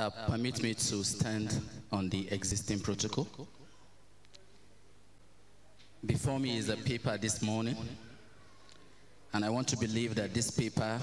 Uh, permit me to stand on the existing protocol. Before me is a paper this morning, and I want to believe that this paper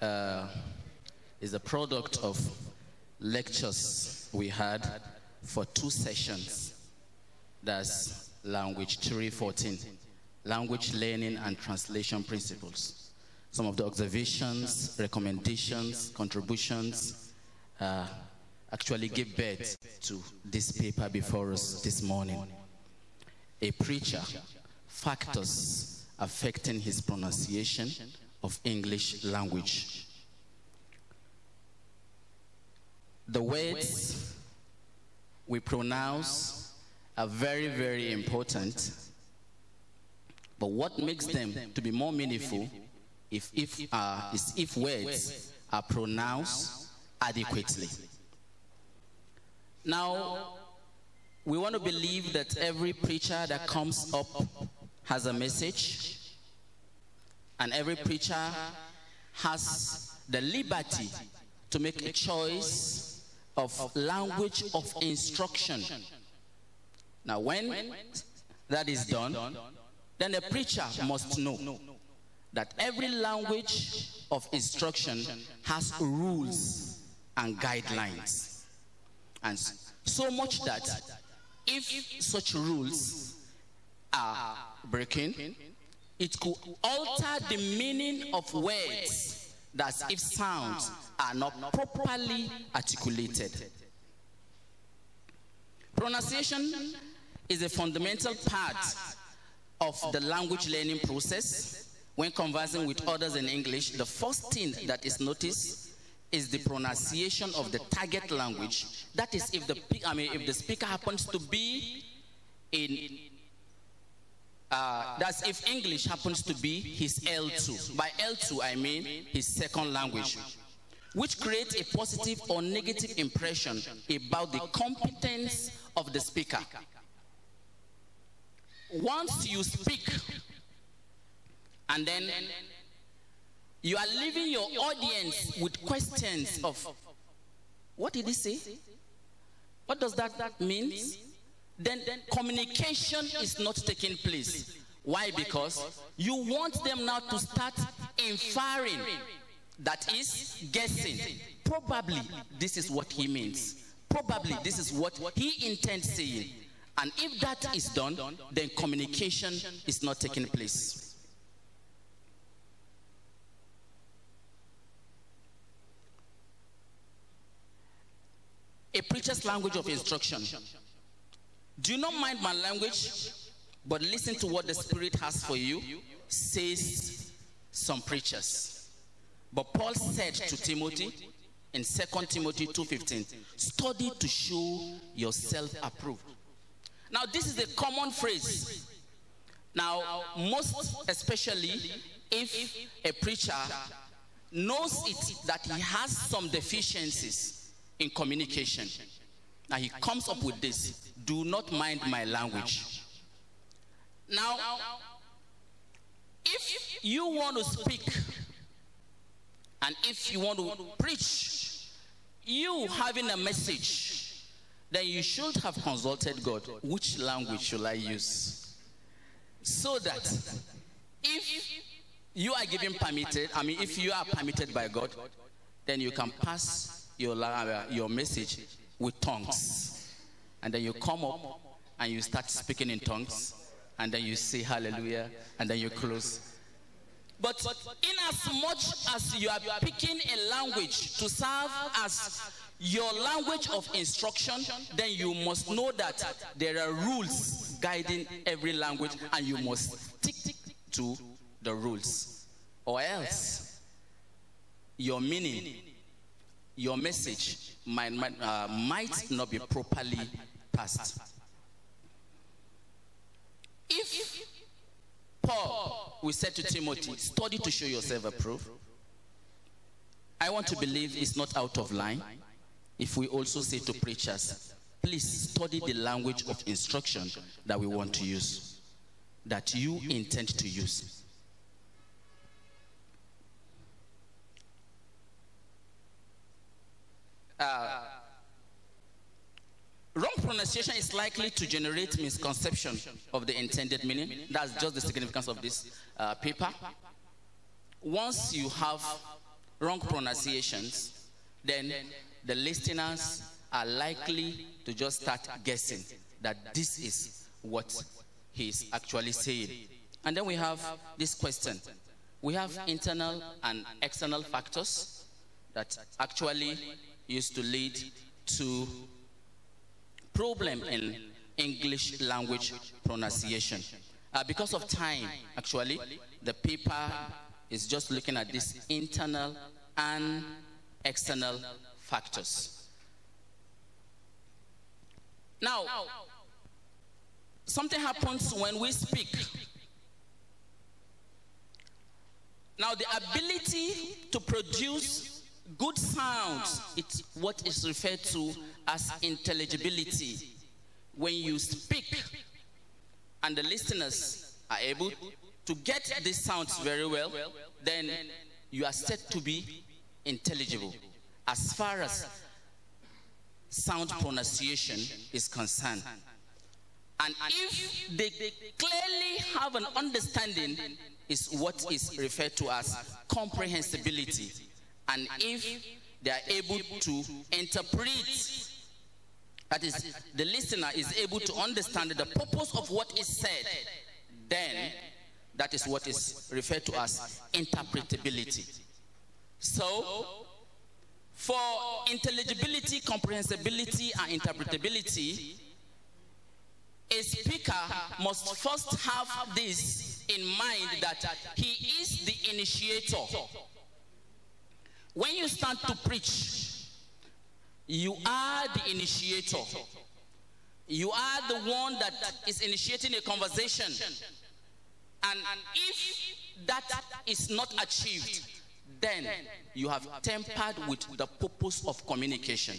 uh, is a product of lectures we had for two sessions. That's language 314, language learning and translation principles. Some of the observations, recommendations, contributions, uh, actually gave birth to this paper before us this morning. A preacher, factors affecting his pronunciation of English language. The words we pronounce are very, very important. But what makes them to be more meaningful if, if, uh, is if words are pronounced adequately. Now, we want to believe that every preacher that comes up has a message, and every preacher has the liberty to make a choice of language of instruction. Now, when that is done, then the preacher must know that every language of instruction has rules and guidelines. And so much that if such rules are breaking, it could alter the meaning of words that if sounds are not properly articulated. Pronunciation is a fundamental part of the language learning process. When conversing with others in English, the first thing that is noticed is the pronunciation of the target language. That is, if the, I mean, if the speaker happens to be in, uh, that's if English happens to be his L2. By L2, I mean his second language, which creates a positive or negative impression about the competence of the speaker. Once you speak, and then you are leaving your audience with questions of, what did he say? What does that mean? Then communication is not taking place. Why? Because you want them now to start inferring, that is, guessing. Probably this is what he means. Probably this is what he intends saying. And if that is done, then communication is not taking place. a preacher's language of instruction. Do not mind my language, but listen to what the Spirit has for you, says some preachers. But Paul said to Timothy in 2 Timothy 2.15, study to show yourself approved. Now this is a common phrase. Now most especially if a preacher knows it that he has some deficiencies, in communication. Now he comes up with this do not mind my language. Now, if you want to speak and if you want to preach, you having a message, then you should have consulted God. Which language should I use? So that if you are given permitted, I mean, if you are permitted by God, then you can pass your, uh, your message with tongues. And then you come up and you start speaking in tongues. And then you say hallelujah. And then you close. But in as much as you are picking a language to serve as your language of instruction, then you must know that there are rules guiding every language and you must stick to the rules. Or else your meaning your message might, might, uh, might not be properly passed. If Paul, we said to Timothy, study to show yourself approved, I want to believe it's not out of line if we also say to preachers, please study the language of instruction that we want to use, that you intend to use. uh, wrong pronunciation is likely to generate misconception of the intended meaning. That's just the significance of this uh, paper. Once you have wrong pronunciations, then the listeners are likely to just start guessing that this is what he is actually saying. And then we have this question. We have internal and external factors that actually used to lead to problem in English language pronunciation. Uh, because of time, actually, the paper is just looking at these internal and external factors. Now, something happens when we speak. Now, the ability to produce Good sound is what is referred to as intelligibility. When you speak and the listeners are able to get these sounds very well, then you are said to be intelligible. As far as sound pronunciation is concerned, and if they clearly have an understanding, is what is referred to as comprehensibility and if they are able to interpret, that is, the listener is able to understand the purpose of what is said, then that is what is referred to as interpretability. So, for intelligibility, comprehensibility, and interpretability, a speaker must first have this in mind that he is the initiator when you start to preach, you are the initiator. You are the one that is initiating a conversation. And if that is not achieved, then you have tempered with the purpose of communication.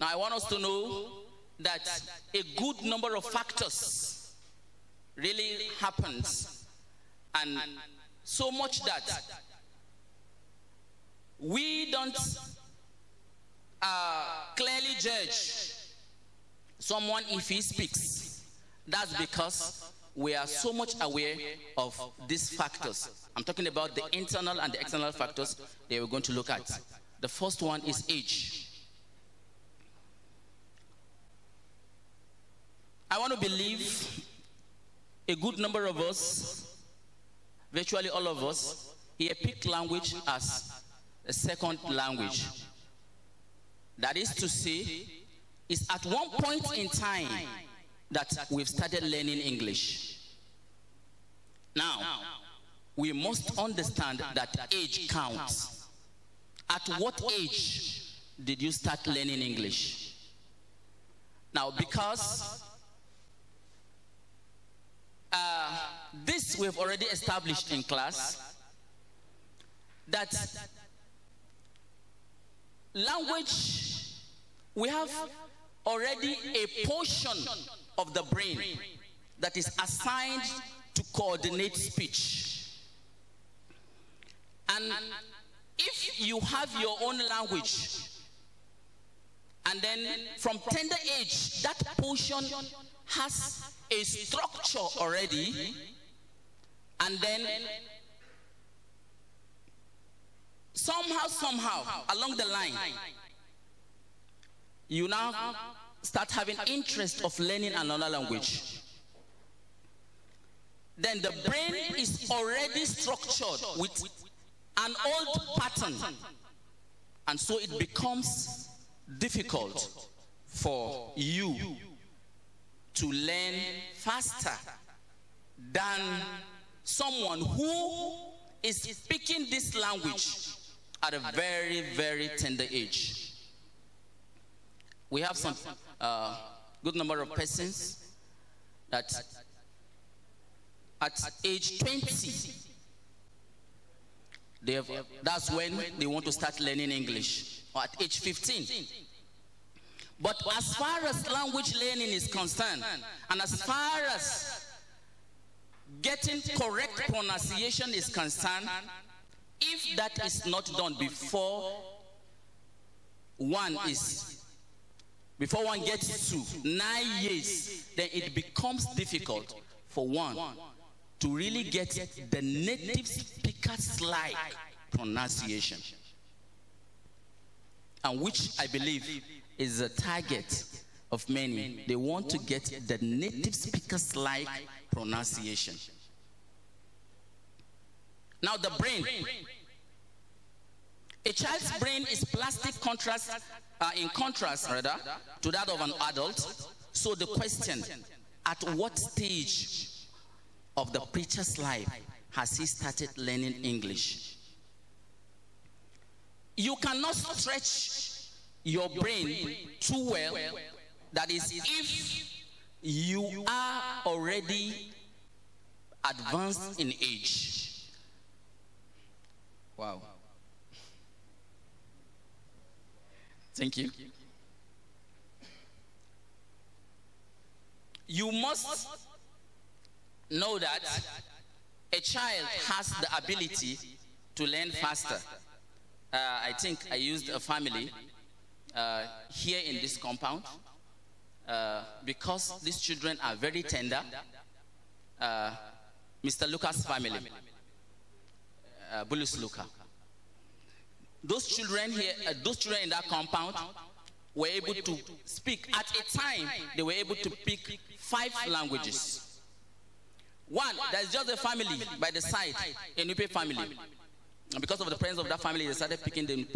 Now, I want us to know that a good number of factors really happens and so much that we don't uh, clearly judge someone if he speaks. That's because we are so much aware of these factors. I'm talking about the internal and the external factors that we're going to look at. The first one is age. I want to believe a good number of us virtually all of us, here picked language as a second language. That is to say, it's at one point in time that we've started learning English. Now, we must understand that age counts. At what age did you start learning English? Now, because uh, this we've already established in class that language, we have already a portion of the brain that is assigned to coordinate speech. And if you have your own language, and then from tender age, that portion has a structure already and then somehow, somehow, along the line, you now start having interest of learning another language. Then the brain is already structured with an old pattern. And so it becomes difficult for you to learn faster than someone who is speaking this language at a very, very tender age. We have some uh, good number of persons that at age 20, they have, that's when they want to start learning English, or at age 15. But as far as language learning is concerned, and as far as getting correct pronunciation is concerned, if that is not done before one is, before one gets to nine years, then it becomes difficult for one to really get the native speaker's like pronunciation. And which I believe is the target of many. They want to get the native speaker's like pronunciation. Now the brain. A child's brain is plastic contrast, uh, in contrast rather, to that of an adult. So the question, at what stage of the preacher's life has he started learning English? You cannot stretch your brain too well. That is, if you are already advanced in age. Wow. Thank you. You must know that a child has the ability to learn faster. Uh, I think I used a family uh, here in this compound. Uh, because these children are very tender, uh, Mr. Lucas' family, uh, Bulus Luca, those children here, uh, those children in that compound were able to speak. At a time, they were able to speak five languages. One, there's just a family by the side, a Nupe family. And because of the presence of that family, they started picking the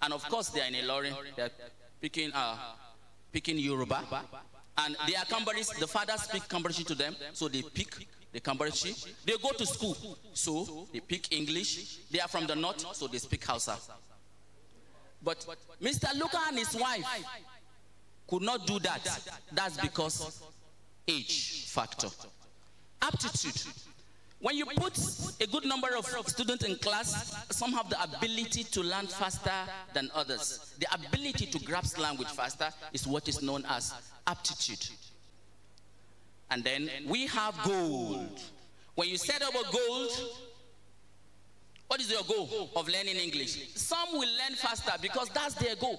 And of course, they are in a lorry. They are picking uh, speaking Yoruba. And they are the father speak Kambarishi to them, so they pick the Kambarishi. They go to school, so they pick English. They are from the north, so they speak Hausa. But Mr. Luka and his wife could not do that. That's because age factor. Aptitude when you put a good number of students in class, some have the ability to learn faster than others. The ability to grasp language faster is what is known as aptitude. And then we have gold. When you set up a goal, what is your goal of learning English? Some will learn faster because that's their goal.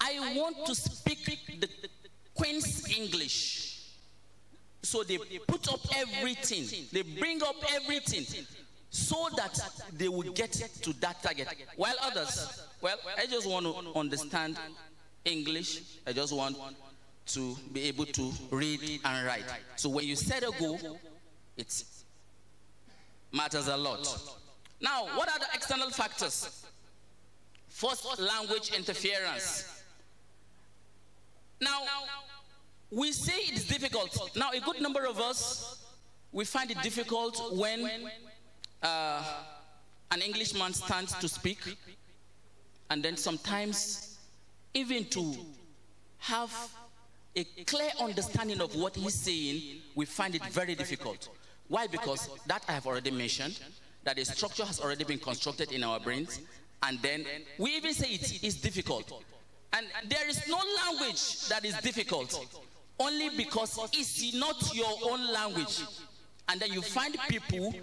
I want to speak the Queen's English. So they put up everything, they bring up everything so that they will get to that target. While others, well, I just want to understand English, I just want to be able to read and write. So when you set a goal, it matters a lot. Now, what are the external factors? First, language interference. Now, we say it's difficult. Now, a good number of us, we find it difficult when uh, an Englishman stands to speak, and then sometimes even to have a clear understanding of what he's saying, we find it very difficult. Why? Because that I have already mentioned, that a structure has already been constructed in our brains, and then we even say it is difficult. And there is no language that is difficult only because it's not your own language. And then you find people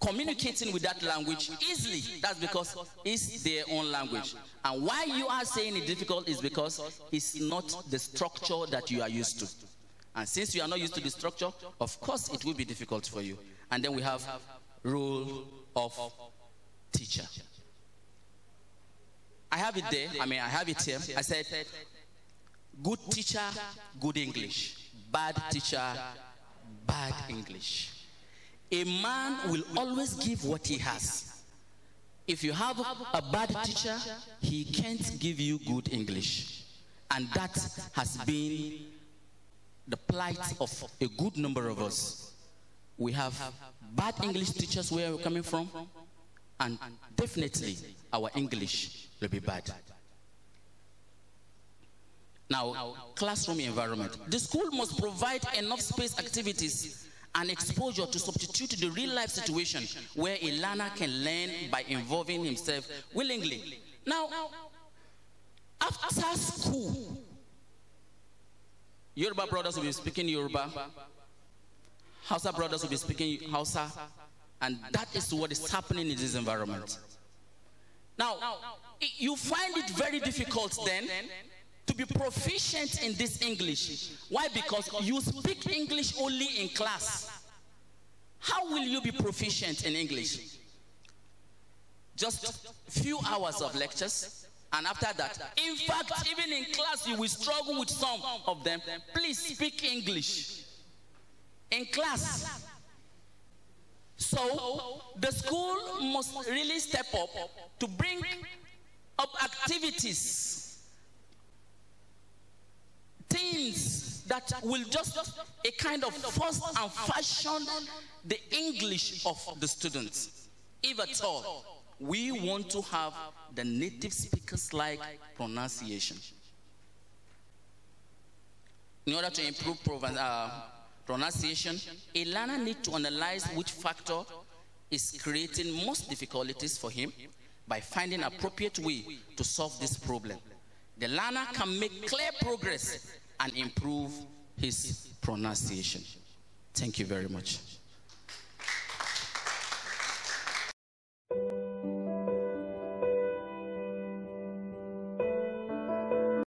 communicating with that language easily. That's because it's their own language. And why you are saying it difficult is because it's not the structure that you are used to. And since you are not used to the structure, of course it will be difficult for you. And then we have rule of teacher. I have it there. I mean, I have it here. I said, Good teacher, good English. Bad teacher, bad English. A man will always give what he has. If you have a bad teacher, he can't give you good English. And that has been the plight of a good number of us. We have bad English teachers where we're coming from, and definitely our English will be bad. Now, classroom environment. The school must provide enough space activities and exposure to substitute the real-life situation where a learner can learn by involving himself willingly. Now, after school, Yoruba brothers will be speaking Yoruba, Hausa brothers will be speaking Hausa, and that is what is happening in this environment. Now, you find it very difficult then to be proficient in this English. Why? Because you speak English only in class. How will you be proficient in English? Just few hours of lectures, and after that, in fact, even in class, you will struggle with some of them. Please speak English in class. So, the school must really step up to bring up activities things that will just a kind of force and fashion the English of the students. If at all, we want to have the native speakers-like pronunciation. In order to improve uh, pronunciation, a learner needs to analyze which factor is creating most difficulties for him by finding appropriate way to solve this problem. The learner can make clear progress and improve his pronunciation. Thank you very much.